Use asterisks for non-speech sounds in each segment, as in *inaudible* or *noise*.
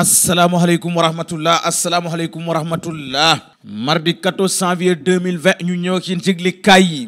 asalaamaaleykum wa rahmatullah asalaamaaleykum wa rahmatullah mardi 14 janvier 2020 ñu ñëw ak yéen ci yi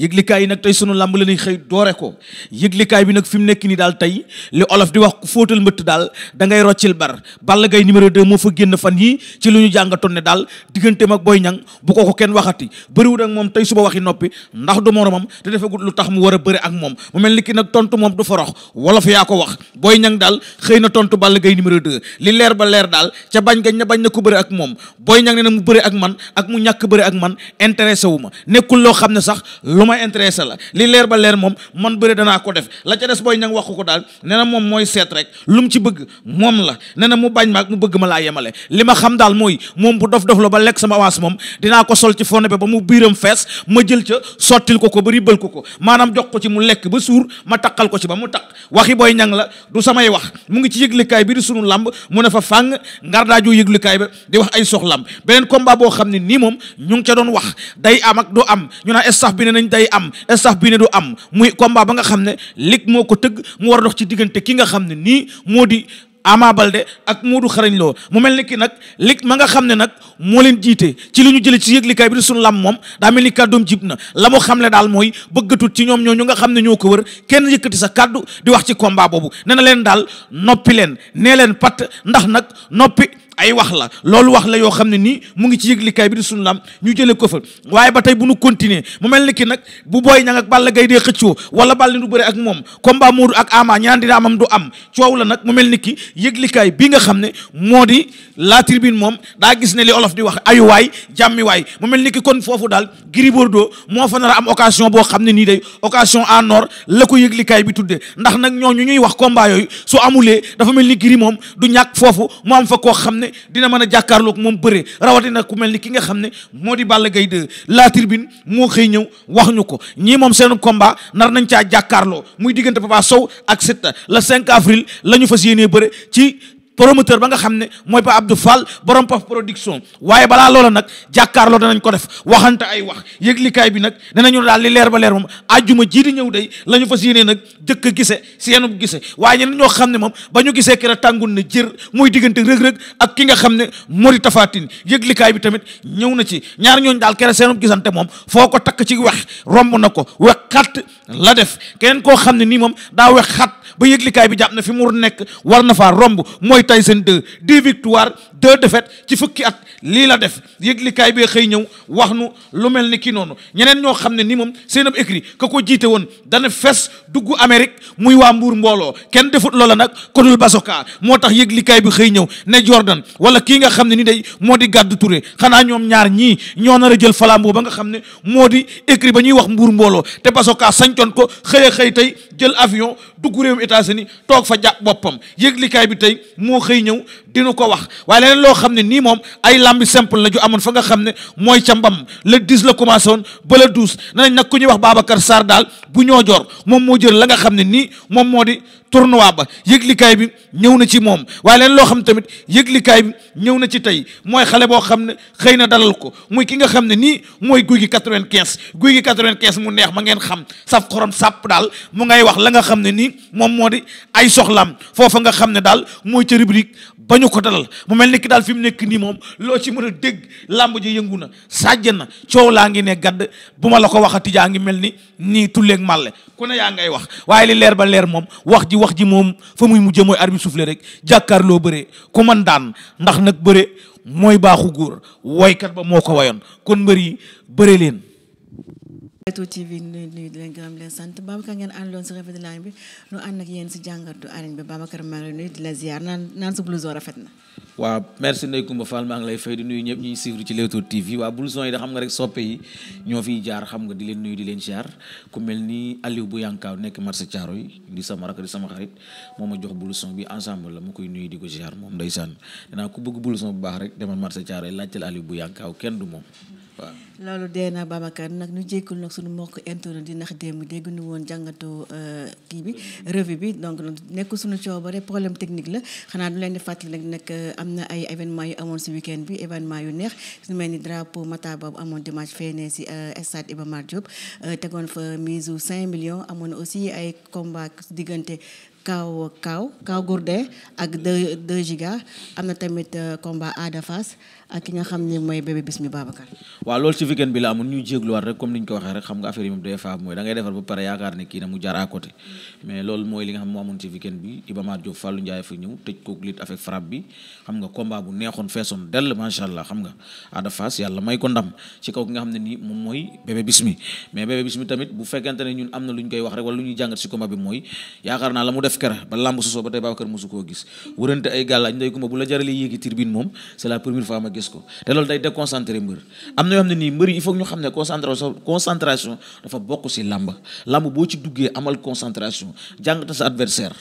yëglikaay yi nag tey sunu lamb la ñuy xëy doore ko yëglikaay bi nag fi mu nekk nii daal tey li olof di wax fóotal mbëtt daal da ngay roccil bar Balla Gaye numéro 2 moo fa génn fan yi ci lu ñu jàngatoon ne daal digganteem ak booy Niang bu ko ko kenn waxati bëriwul ak moom tey suba waxi noppi ndax du moromam te defegut lu tax mu war a bëri ak moom mu mel ni ki nag tontu moom du forox wolof yaa ko wax Boy Niang daal xëy na tontu Balla Gaye numéro 2 li leer ba leer daal ca bañ gañ na bañ na ko bëre ak moom booy Niang nee na mu bëre ak man ak mu ñàkk bëre ak man intéressé wu ma nekkul loo xam ne sax lu ma intéressé la li leer ba leer moom man bëre danaa ko def la ca des Boy Niang waxu ko daal nee na moom mooy seet rek lu mu ci bëgg moom la nee na mu bañ ma ak mu bëgg ma laa yemale li ma xam daal mooy moom bu dof dof la ba lekk sama avance moom dinaa ko sol ci fond bi ba mu biiram fees ma jël ca sottil ko ko ba ribbal ko ko maanaam jox ko ci mu lekk ba suur ma taqal ko ci ba mu taq waxi Boy Niang la du samay wax mu ngi ci yëglikaay bi sunu làmb mu ne fa fàng ngardaaju yëglukaay ba di wax ay soxlam beneen combat boo xam ne nii moom ñu ngi ca doon wax day am ak du am ñu naan staff bi ne nañ day am staff bi ne du am muy combat ba nga xam ne lik moo ko tëgg mu war a dox ci diggante ki nga xam ne nii moo di Ama Balde ak Modou Xarañ loo mu mel ni ki nag lig ma nga xam ne nag moo leen jiite ci lu ñu jëlee ci yëglikaay bi di suñu lam moom daa mel ni kàddoom jib na la mu xam ne daal mooy bëggatut ci ñoom ñoo ñu nga xam ne ñoo ko wër kenn yëkkati sa kàddu di wax ci kombaa boobu nee na leen daal noppi leen nee leen pat ndax nag noppi ay wax la loolu wax la yoo xam ne nii mu ngi ci yëglikaay bi di sunu lam ñu jëlee ko fa waaye ba tey bu nu continuer mu mel ni ki nag bu booy ñang ak Balla Gaye dee xëccoo wala Balla du bëre ak moom combat Modou ak Ama ñaan dina amam am coow la nag mu mel ni ki yëglikaay bi nga xam ne moo di la tribune moom daa gis ne li olof di wax ayuwaay jàmmiwaay mu mel ni ki kon foofu daal Gris Bordeaux moo fa nar am occasion boo xam ne nii day occasion en or la ko yëglikaay bi tuddee ndax nag ñoo ñu ñuy wax combat yooyu soo amulee dafa mel ni Gris moom du ñàkk foofu mu am fa koo xam ne dina mën a jàkkaarloog moom bëre rawatina ku mel ni ki nga xam ne moo di Balla Gaye 2 la tribune moo xëy ñëw wax ñu ko ñii moom seen combat nar nañ caa jàkkaarloo muy diggante Papa Sow ak Siteu le cinq avril la ñu fas yéenee bëre ci promoteur ba nga xam ne mooy Pa Abdou Fall borom Paf production waaye balaa loola nag jàkkaarloo danañ ko def waxante ay wax yëglikaay bi nag danañu daal li leer ba leer moom àjjuma jii di ñëw day la ñu fas yéenee nag jëkk a gise seenub gise waaye ñeneen ñoo xam ne moom ba ñu gisee kera tàngun ne jër muy diggante rëg-rëg ak ki nga xam ne mori tafaatin yëglikaay bi tamit ñëw na ci ñaar ñooñ daal kera seenub gisante moom foo ko takk ci wex romb na ko wex xat la def keneen koo xam ne nii moom daa wex ba yëglikaay bi jàpp na fi mu nekk war na faa romb mooy Tyson 2 dix victoires deux défaites ci fukki at lii la def yëglikaay bi xëy ñëw wax nu lu mel ni kii noonu ñeneen ñoo xam ne ni moom seen ab écrit ka ko jiite woon dana fes dugg Amérique muy waa mbuur mbooloo kenn defut loola nag ko dul basoka moo tax yëglikaay bi xëy ñëw ne Jordan wala kii nga xam ne ni day moo di gàddu Touré xanaa ñoom ñaar ñii ñoo nar a jël flambeau ba nga xam ne moo di écrit ba ñuy wax mbuur mbooloo te basoka sañtoon ko xëy xëy tey jël avion dugg réewum États-Unis toog fa jàpp boppam yëglikaay bi tey moo xëy ñëw dina ko wax waaye leneen loo xam ne nii moom ay lambi simple la ju amoon fa nga xam ne mooy ca mbam le 10 la commencé woon ba le 12 nee nañ nag ku ñuy wax Babacar Sarr daal bu ñoo jor moom moo jël la nga xam ne nii moom moo di tournoi ba yëglikaay bi ñëw na ci moom waaye leen loo xam tamit yëglikaay bi ñëw na ci tey mooy xale boo xam ne xëy na dalal ko muy ki nga xam ne nii mooy guy gi quatre-vingt-quinze guy gi quatre-vingt-quinze mu neex ma ngeen xam saf xorom sàpp daal mu ngay wax la nga xam ne nii moom moo di ay soxlaam foofa nga xam ne daal mooy ca rubrique ba ñu ko dalal mu mel ni ki daal fi mu nekk nii moom loo ci mën a dégg làmb ji yëngu na sàjj na coow laa ngi ne gadd bu ma la ko waxati jaa ngi mel ni nii tulleeg màlle ku ne yaa wax ji moom fa muy mujjee mooy arbitre soufflé rek jàkkaarloo bëree ku man daan ndax nag bëre mooy baaxu góor woykat ba moo ko wayoon kon mbër yi bëre leen Leewtoo TV nuyu di leen gërëm leen sant Babacar ngeen àndoon si rafet line bi nu ànd ak yéen si jàngatu arène bi rafet na waaw merci Ndeye Coumba Fall maa ngi lay fay nuyu ñëpp ñuy suivre ci Leewtoo TV waaw blouson yi xam nga rek soppe yi ñoo jaar xam nga di leen nuyu di leen ziar ku mel ni Aliou bu yankaaw nekk marché Thiaro yi di sama rak sama xarit moo ma jox blouson bi ensemble la ma koy nuyu di ko ziar moom ndeysaan danaa ku bëgg blouson bu baax rek demal marché Thiaro yi laajteel bu kenn du moom waaw loolu dee na Babacar nag ñu jékkul nag suñu mbokk internet di ndax démb dégg nu woon jàngatu euh, kii bi revue bi donc nekkul suñu coobare problème technique la xanaa du leen di fàttali rek nag euh, am na ay événement yu amoon si week bi événement yu neex su mel ni drapeau Mata boobu amoon dimanche feenee si euh, stade Iba Mar Diop tegoon fa mise ou 5 millions amoon aussi ay combat diggante kaaw kaaw kaaw gourdin ak 2 2 giga am na tamit combat adafas ak ki nga xam ne mooy bébé bis ci weekend bi la amoon ñu jégluwaat rek comme ni ñu ko waxee rek xam nga affaire yi moom des fois mooy da defar ba pare yaakaar ne kii na mu jaar à côté mais xam nga combat yàlla may ko ndam ci kaw ki nga xam ne nii moom mooy bébé bismi mais bébé bismi tamit bu fekkente ne ñun am na lu ñu koy wax rek wala lu ñuy jàngat ci combat bi mooy yaakaar naa la mu def kera ba lamb sosoo ba tey Babacar mosu koo gis wërante ay gàllaaj ndey kumba bu la mbër yi il faut ñu xam ne concentration concentration dafa bokk si làmb làmb boo ci duggee amal concentration jàngata sa adversaire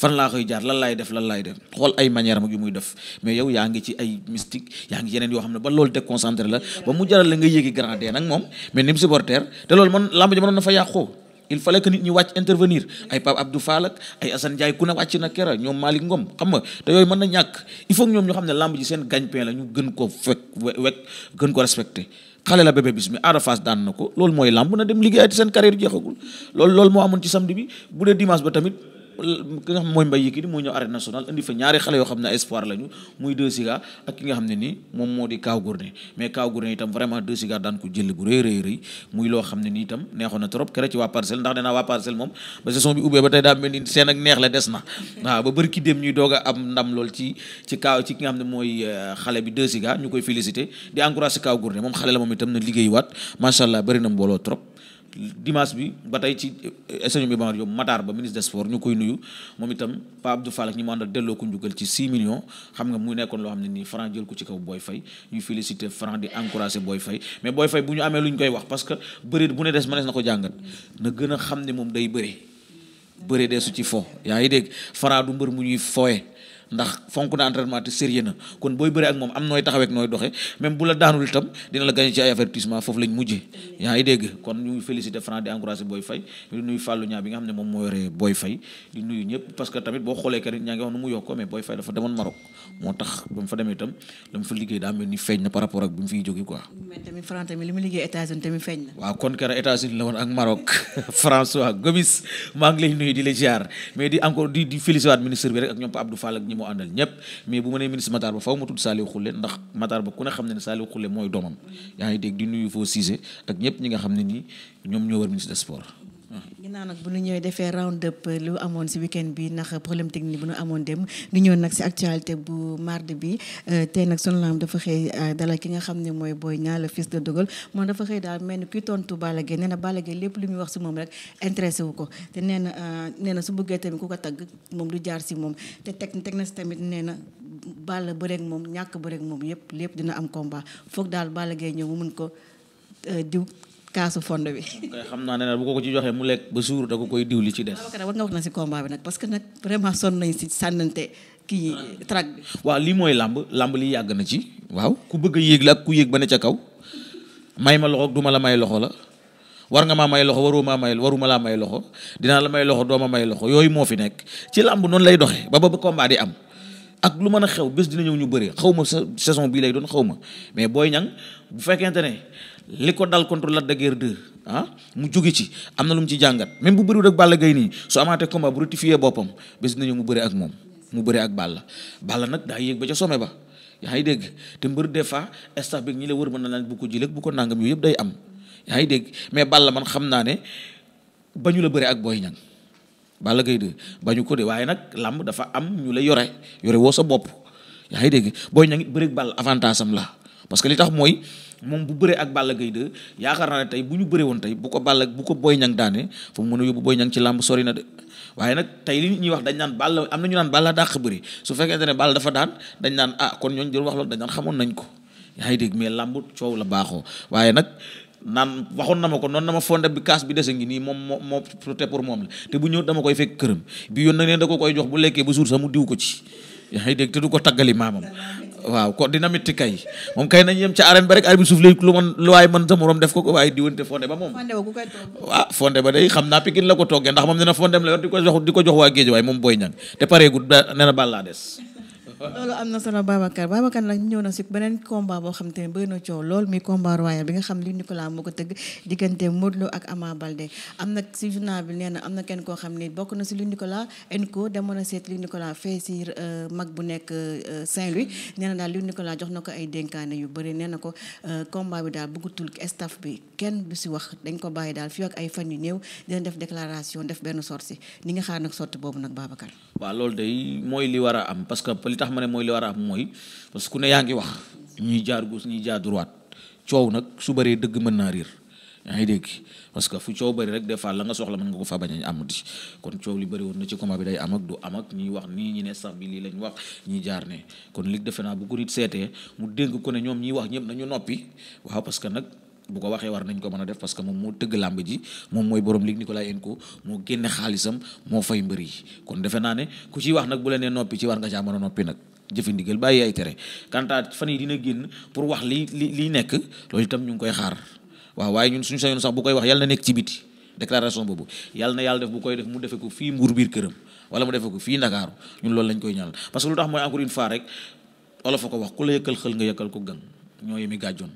fan laa koy jaar lan laay def lan laay def xool ay manière am yu muy def mais yow yaa ngi ci ay mystique yaa ngi yeneen yoo xam ne ba loolu déconcentré la ba mu jaral la nga yéegi granadee nag moom mais ni mu supporter te loolu man làmb ji mënoon na fa yàqoo il fallait que nit ñi wàcc intervenir ay Pape Abdou Fall ay Assane Ndiaye ku ne wàcc na kera ñoom Malick Ngom xam nga te yooyu mën na ñàkk il faut ñoom ñu xam ne lamb ji seen gagne-pain la gën ko fekk wekk gën ko respecté xale la bébé bis mi Ada Fass daan na ko loolu mooy lamb na dem liggéeyati seen carrière jeexagul loolu loolu moo amoon ci samedi bi bu dee dimanche ba tamit ki nga xam mooy Mbaye Yékini moo ñëw arène nationale indi fa ñaari xale yoo xam ne espoir lañu muy deux siga ak ki nga xam ne nii moom moo di Kaw Gourné mais Kaw Gourné itam vraiment deux loo xam ne nii itam na trop kere ci waa parcelle nee naa waa parcelle moom a xam ne mooy euh, xale bi ñu koy féliciter di encourager moom xale la moom itam na liggéey waat macha allah bëri na mbooloo trop dimanche bi ba tey ci eh, sëñ bi Ibrahima Diop Matar ba ministre des sports ñu koy nuyu moom itam Pape Abdou Fall ak ñi mu àndal delloo ko njugal ci 6 million xam nga mu nekkoon loo xam ne nii Franc jël ko ci kaw Boy Faye ñu félicité Franc di encouragé booy Faye mais Boy fay bu ñu amee lu ñu koy wax parce que bëri bu ne des mënees na ko jàngat na gën a xam ne moom day bëre bëre dee su ci fo yaa ngi dégg Franc du mbër mu ñuy fowe ndax fonk na entraînement te sérieux na kon booy bëri ak moom am nooy taxawek nooy doxe même bu la daanul itam dina la gagné ci ay foofu lañ mujjee yaa ngi dégg kon ñu ngi félicité di encouragé di nuyu Fallou bi nga ak bi mu fiy jógee ak Maroc *laughs* mu àndal ñëpp mais bu ma nee ministre Matar Ba faw ma tudd Saliou Khoule ndax Matar Ba ku ne xam ne ne Saliou Khoule mooy doomam yaa ngi dégg di nuyu foo Cissé ak ñëpp ñi nga xam ne nii ñoom ñoo war ministre des sports ginnaaw nag bu ñu ñëwee defee round up lu amoon si weekend bi ndax problème technique bu nu amoon dem ñu ñëw nag si actualité bu mardi bi euh, tey nag sunu laam dafa xëy euh, dalal ki nga xam ne mooy booy Niang le fils de dogal moom dafa xëy daal mel ni kuy tontu Balla Gaye nee na Balla lépp lu muy wax si moom rek intéressé wu ko te nee na euh, nee na su bëggee tamit ku ko tagg moom du jaar si moom te teg teg na si tamit nee na Balla bëreeg moom ñàkk bëreeg moom yëpp lépp dina am combat foog daal Balla Gaye ñëw mu mun ko diw kaasu fond wi kay xam naa ne bu ko ko ci joxee mu lekk ba suur da ko koy diw li ci des. waaw nga wax na si combat bi nag parce que nag vraiment sonn nañ si sànnante kii track bi. waaw lii mooy làmb làmb li yàgg na ci. waaw ku bëgg a yéeg la ak ku yéeg ba ne ca kaw may ma loxo duma la may loxo la war nga maa may loxo waroo maa may waruma laa may loxo dinaa la may loxo dooma may loxo yooyu moo fi nekk ci làmb noonu lay doxee ba ba combat di am. ak lu mën a xew bés dina ñëw ñu bëri xaw ma saison bii lay doon xaw ma mais booy Niang bu fekkente ne li ko dal la Lac de ah mu jóge ci am na lu mu ci jàngat même bu bëriwul ak Balla Gaye nii su amaatee comme bu boppam bés mu bëri ak moom mu bëri ak Balla Balla nag daa yéeg ba ca sommet ba yaa ngi dégg te mbër des fois staff bi ñi la war mën na laan bu ko jëlee bu ko nangam yooyu yëpp day am yaa ngi dégg mais Balla man xam naa ne ba ñu la bëri ak booy Niang Balla Gaye 2 bañu ko de waaye nag làmb dafa am ñu la yore yore woo sa bopp yaa ngi dégg booy ña ngi bëreeg Balla avantage am la parce que li tax mooy moom bu bëree ak Balla Gaye 2 yaakaar naa ne tey bu ñu bëree woon tey bu ko Balla bu ko Boy Niang daane fa mu mën a yóbbu Boy Niang ci làmb sori na de waaye tey li ñuy wax dañ naan Balla am na ñu naan Balla dàq bëri su fekkente ne Balla dafa daan dañ naan ah kon ñooñu jël wax loolu dañ naan xamoon nañ ko yaa ngi dégg mais làmb coow la baaxoo waaye nag naan waxoon na ma ko noon na ma fonde bi kaas bi dese ngi nii moom moo moo pour moom la te bu ñëw dama koy fekk këram bi yoon nag nee da ko koy jox bu lekkee ba suur sax mu ko ci yaa ngi dégg ko taggali maamam waaw ko dina métti kay waaye man sa morom def ko ko waaye diwante fonde ba moom waaw fonde ba day xam naa pikin moom dina fondem la yor di ko jox di ko jox waa géej waaye moom booy ñang te pareegul nee na bal laa des loolu am na solo Babacar Babacar nag ñëw na si beneen combat boo xam ne bëri na bi nga xam am na kenn koo xam ne bokk na si li Nicolas Enco demoon na seet li Nicolas fee euh, mag bu nekk euh, Saint-Louis nee na daal li Nicolas jox na ko ay dénkaane yu bëri nee na ko euh, combat bi daal bëggatul staff bi kenn du si wax dañ ko bàyyi daal fii ak ay fan yu néew dina def déclaration def benn si ni nga xaar nag sortie boobu nag Babacar. waaw loolu day mooy li war a am parce que li tax tax ma ne mooy li war a am mooy parce que ku ne yaa ngi wax ñuy jaar gauche ñuy jaar droite coow nag su bëree dëgg mën naa riir yaa ngi dégg parce que fu coow bëri rek des fois la nga soxla mën nga ko fa bañ a am di kon coow li bëri woon na ci combat bi day am ak du am wax nii ñi ne sax bi lii lañ wax ñi jaar ne kon lig defe naa bu ko nit seetee mu dénk ko ne ñoom ñiy wax ñëpp nañu noppi waaw parce nag bu ko waxee war nañ ko mën a def parce que moom moo tëgg làmb ji moom mooy borom ligue Nicolas Enko moo génne xaalisam moo fay mbër yi kon defe naa ne ku ciy wax nag bu la nee noppi ci war nga caa mën a noppi nag jëfe ndigal bàyyi ay tere kantaat fan yi dina génn pour wax li li liy nekk loolu itam ñu ngi koy xaar waaw waaye ñun suñu sañoon sax bu koy wax yàlla nekk ci biti déclaration boobu yàlla na yàlla def bu koy def mu defe ko fii mbuur biir këram wala mu defe ko fii ndakaaru ñun loolu lañ koy ñaanal parce que lu tax mooy encore une fois rek olof a ko wax ku la yëkkal xël nga yëkkal ko gang ñoo yemi gàjjoon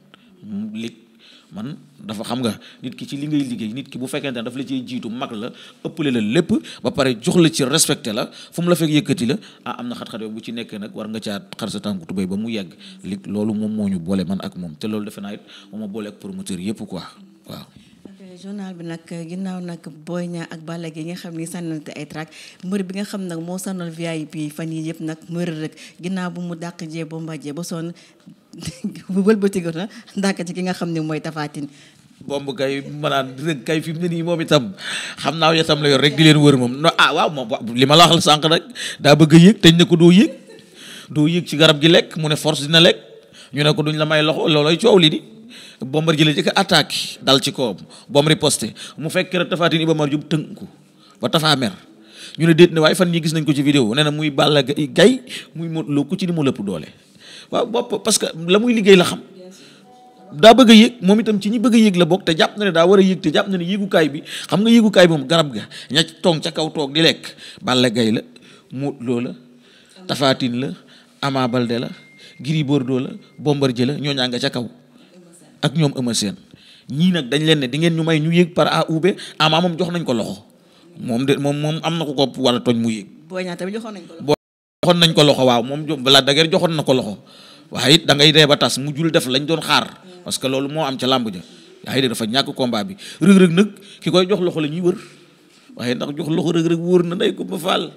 li man dafa xam nga nit ki ci li ngay liggéey nit ki bu fekkente ne daf la ciy jiitu mag la ëppale la lépp ba pare jox la ci respecté la fu mu la fekk yëkkati la ah, am na xat-xat yoo bu ci nekkee nag war nga caa xar sa tànku tubéy ba mu yegg loolu moom moo ñu boole man ak moom te loolu defe naa it moom ma boole ak promoteur yëpp ko waaw. journal bi nag ginnaaw nag Boy Niang ak Balla Gaye yi nga xam ni sànnante ay track mbër bi nga xam nag moo sànnal VIP fan yi yëpp nag mu Reug Reug ginnaaw mu dàq jee bomba jee ba sonn wëlbatiku na ndàkk ci ki nga xam ne mooy tafaatin bomb kay maanaam rëg kay fi mu ne nii moom itam xam naa yatam la yor rek di leen wër moom no ah waaw moom li ma la waxal sànq daa bëgg a teñ ne ko doo yëg doo yëg ci garab gi lekk mu ne force dina lekk ñu ne ko duñ la may loxo loolooy coow li di la jëkk attaque dal ci kawam bomb riposté mu fekk rek tafaatin Iba Mar Diop tënk ko ba tafaa ñu ne déet ne waaye fan ñi gis nañ ko ci vidéo nee na muy Balla Gaye muy Modou Lo ci ni mu lëpp doole waaw bopp parce que la muy liggéey la xam daa bëgg yéeg moom itam ci ñi bëgg a yéeg la bokk te jàpp na ne daa war a yéeg te jàpp na ne yéegukaay bi xam nga yéegukaay bi moom garab ga ña toog ca kaw toog di lekk Balla gay la Modou Lo la Tapha la Ama Baldé la Gris Bordeaux la Bombardier la ñoo ñaa nga ca kaw ak ñoom Eumeu seen ñii nag dañ leen ne di ngeen ñu may ñu yéeg par A ou B Ama moom jox nañ ko loxo moom de moom moom am na ko ko wala tooñ mu yéeg joxoon nañ ko loxo waaw moom Lac de Guiers joxoon na ko loxo waaye it da ngay dee ba tas mu jul def lañ doon xaar parce que loolu moo am ca làmb ja yaa ñàkk combat bi rëg-rëg koy jox loxo la ñuy wër waaye ndax jox loxo rëg-rëg wóor na nday ko ba faal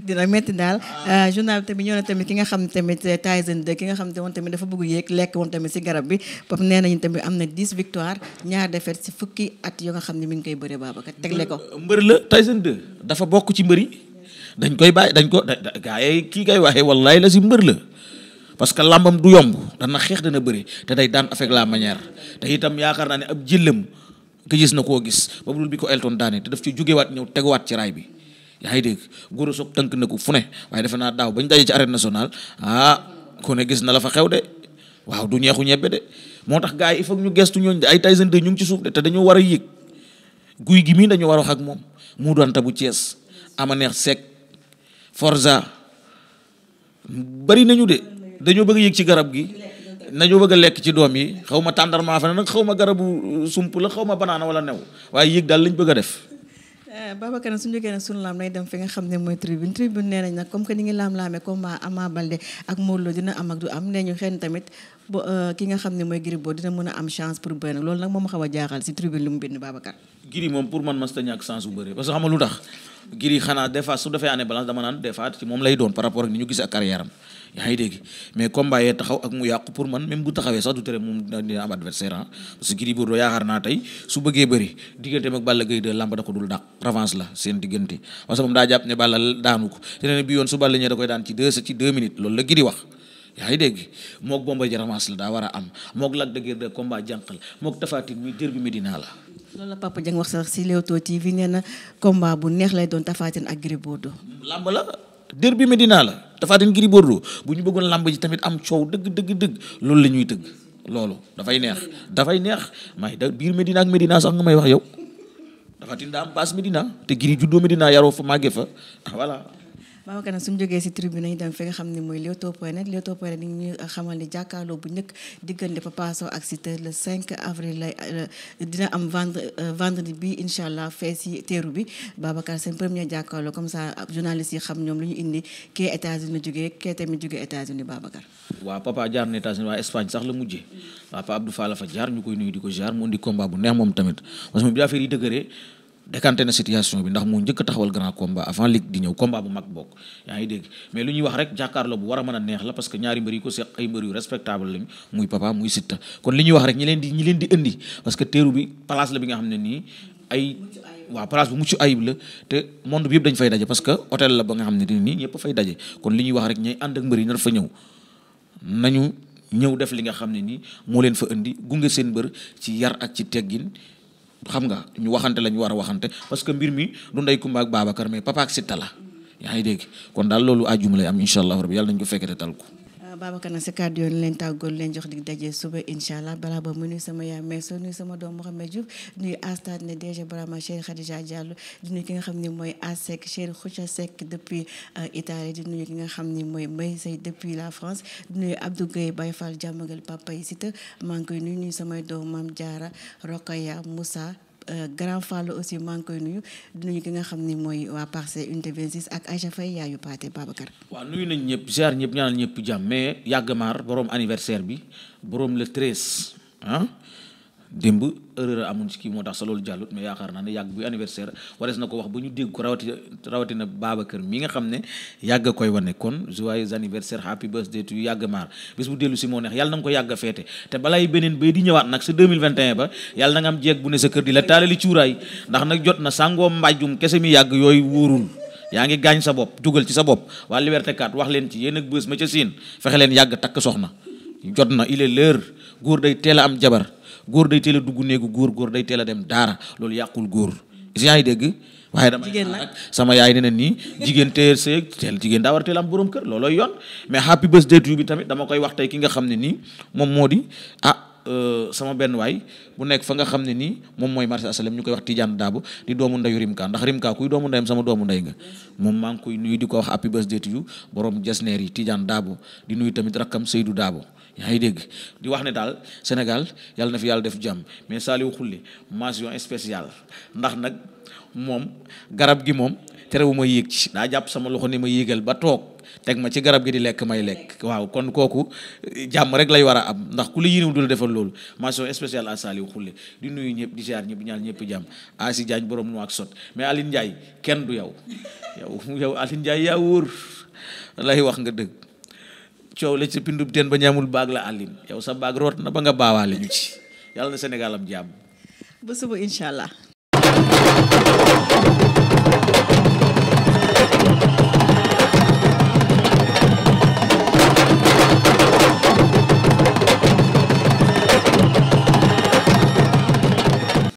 dina metti daal euh, journal bi tamit ñëw na tamit ki nga xam tamit euh, Tyson de ki nga xam woon tamit dafa bëgg yéeg lekk woon tamit si garab bi pap nee nañu tamit am na 10 victoire ñaar défaite si fukki at yoo nga xam ne mi ngi koy bëre baabaka tegle ko mbër la Tyson 2 dafa bokk ci mbër yi dañ koy bàyyi dañ ko gaa yi kii koy waxee wallaay la si mbër la parce que làmbam du yomb dana xeex dana bëri te day daan avec la manière te itam yaakaar naa ne ab jëllam ki gis na koo gis ba dul bi ko Elton daane te daf ci jógewaat ñëw teguwaat ci raay bi yaa ngi dégg góor soog na ko fu ne waaye defe naa daaw bañ dajee ci arène nationale ah ku ne gis na la fa xew de waaw du ñeexu ñebbe de moo tax gars yi il faut ñu gestu ñooñ de ay Tyson 2 ñu ci suuf de te dañoo war a yëg guy gi mii dañoo war ak moom mu doon tabu Thiès ama neex sek Forza bari nañu de dañoo bëgg a yëg ci garab gi nañoo bëgg a lekk ci doom yi xaw ma tàndarmaa fa nag xaw ma garabu sump la xaw ma banaana wala new waaye yëg daal lañ bëgg a def Eh, Babacar suñu jógee nag suñu laam lay dem fi nga xam ne mooy tribune tribune nee nañ nag comme que ni ngi laam-laamee combat Ama Baldé ak Modou ak du am euh, dina a am chance pour bëri loolu nag moom xaw a jaaxal si tribune lu mu bind Babacar Gris moom pour man masta ñàkk chance bu bëri parce que xam lu tax Gris xanaa des su defee année balance dama naan des ci moom lay doon par rapport ni ñu gis ak carrière am yaa ngi dégg mais combat yee taxaw ak mu yàqu pour man même bu taxawee sax du tere moom dina am adversaire ah parce que Gris yaakaar naa tey su bëggee bëri digganteem ak Balla Gaye de làmb da la seen diggante parce que moom daa ne Balla daanu ko te ne bi yoon su Balla ñëwee da koy daan ci deux ci deux minutes loolu la Gris wax dégg mook Bombardier revanche la daa war a am mook Lac de Guiers de combat jànq la mook Tapha Tine mi bi Medina la loolu la Papa Dieng wax sax si Leewtoo TV nee na combat bu neex lay doon Tapha Tine ak Gris Bordeaux. làmb la dër bi la Tapha Tine Gris Bordeaux bu ñu bëggoon làmb ji tamit am coow dëgg dëgg dëgg loolu la ñuy tëgg loolu dafay neex dafay neex may da biir Medina ak Medina sax nga may wax yow dafa Tine daa am base Medina te Gris juddoo Medina yaroo fa màggee fa voilà. Babacar nag su jógee si tribune yi dem fi nga xam ne mooy Leewtoo point net point net xamal ni jàkkaarloo bu njëkk diggante Papa Sow ak Siteu le 5 avril la euh, dina am vendre euh, vendredi bi incha allah fee si teeru bi Babacar seen premier jàkkaarloo comme ça journaliste yi xam ñoom lu ñu indi kee États-Unis jógee kee tamit jógee États-Unis Babacar. waaw Papa jaar na États-Unis waa Espagne sax la mujjee waa Papa Abdou fa jaar ñu koy décanté na situation bi ndax moo njëkk taxawal grand combat avant ligue di ñëw combat bu mag bokk yaa ngi dégg mais lu ñuy wax rek jàkkaarloo bu war a mën a neex la parce que ñaari mbër yi ko kon li ñuy wax rek ñi leen di ñi leen di indi parce que teeru bi place la bi nga xam ne nii ay waaw place bu mucc la te monde bi yëpp dañ fay daje parce que hôtel la ba nga xam ne nii ñëpp fay daje kon li ñuy wax rek ñay ànd ak mbër yi nar fa ñëw nañu ñëw def li nga xam ne nii moo leen fa indi gunge seen mbër ci yar ak ci teggin xam nga ñu waxante la ñu war a waxante parce que mbir mi du ndey Kumba ak Babacar mais papa ak la yaa ngi dégg kon daal loolu àjjuma lay am incha allah rabbi yàlla nañ ko fekkete tal ko Babacar nag sa kàddu yoon leen tàggoon leen jox di daje suba incha allah balaa ba mu nuyu sama yaay Meso nuyu sama doom Mouhamed Diouf nuyu Astat ne DG Brahma Cheikh Khadija Diallo di nuyu ki nga xam ni mooy Asek Cheikh Khoucha Seck depuis euh, Italie di nuyu ki nga xam ni mooy Mbaye Seye depuis la France di nuyu Abdou Gueye Baye Fall jàmmagal papa yi si te maa ngi koy nuyu nuyu samay doom Mame Diarra Rokaya Moussa. Euh, grand Fallou aussi maa ngi koy nuyu di nuyu ki nga xam ni mooy waa Parcelles Unité 26 ak Aïcha Faye yaayu Paate Babacar. waaw nuyu nañ ñëpp ziar ñëpp ñaanal ñëpp jàmm mais yàgg maar borom anniversaire bi boroom le treize démb erreur amul ci kii moo tax sa loolu jàllut mais yaakaar naa ne yàgg bu anniversaire warees na ko wax bu ñu dégg ko rawati rawatina Babacar mi nga xam ne yàgg koy wane kon joyeux anniversaire happy birthday to yàgg maar bis bu dellu si moo neex yàlla na nga ko yàgg te balay beneen bay di ñëwaat nag sa 2021 ba yàlla na nga am jeeg bu ne sa kër di la taalali cuuraay ndax nag jot na sàngoo mbàjjum kese mi yàgg yooy wóorul yaa ngi gaañ sa bopp dugal ci sa bopp waa Liberté kaat wax leen ci yéen ak bës ma ca siin fexe leen yàgg takk soxna jot na il est l'heure day teel a am jabar góor day teel a dugg néegu góor góor day teel a dem daara loolu yàqul góor si yaa ngi dégg waaye dama nag sama yaay ne nii jigéen teel sëy teel jigéen daa war a teel am borom kër loolooy yoon mais happy birthday to you bi tamit dama koy wax tey ki nga xam ne nii moom moo di ah euh, sama benn waay bu nekk fa nga xam ne nii moom mooy marché asalem ñu koy wax Tidiane Dabo di doomu ndayu Rimka ndax Rimka kuy doomu ndayam sama doomu nday nga moom maa ngi koy nuyu di ko wax happy birthday to you borom yi Tidiane daabo di nuyu tamit rakkam Seydou daabo yaa ngi dégg di wax ne daal Sénégal yàlla na fi yàlla def jàmm mais saaliw Khoulé masion spéciale ndax nag moom garab gi moom terewu ma yéeg ci daa jàpp sama loxo ne ma yéegal ba toog teg ma ci garab gi di lekk may lekk waaw kon kooku eh, jàmm rek lay war a am ndax ku la yéenewu du la defal loolu mention spéciale à Saliou Khoulé di nuyu ñëpp di ziar ñëpp ñaal ñëpp jàmm Asi Diagne borom nu ak sot mais Aline Ndiaye kenn du yow *laughs* yow yow Aline yaa wóor lay wax nga dëgg coow la ci pindub teen ba ñaamul baag la àllin yow sa baag root na ba nga baawaale ñu ci yàlla na Sénégal am jàmm ba suba incha allah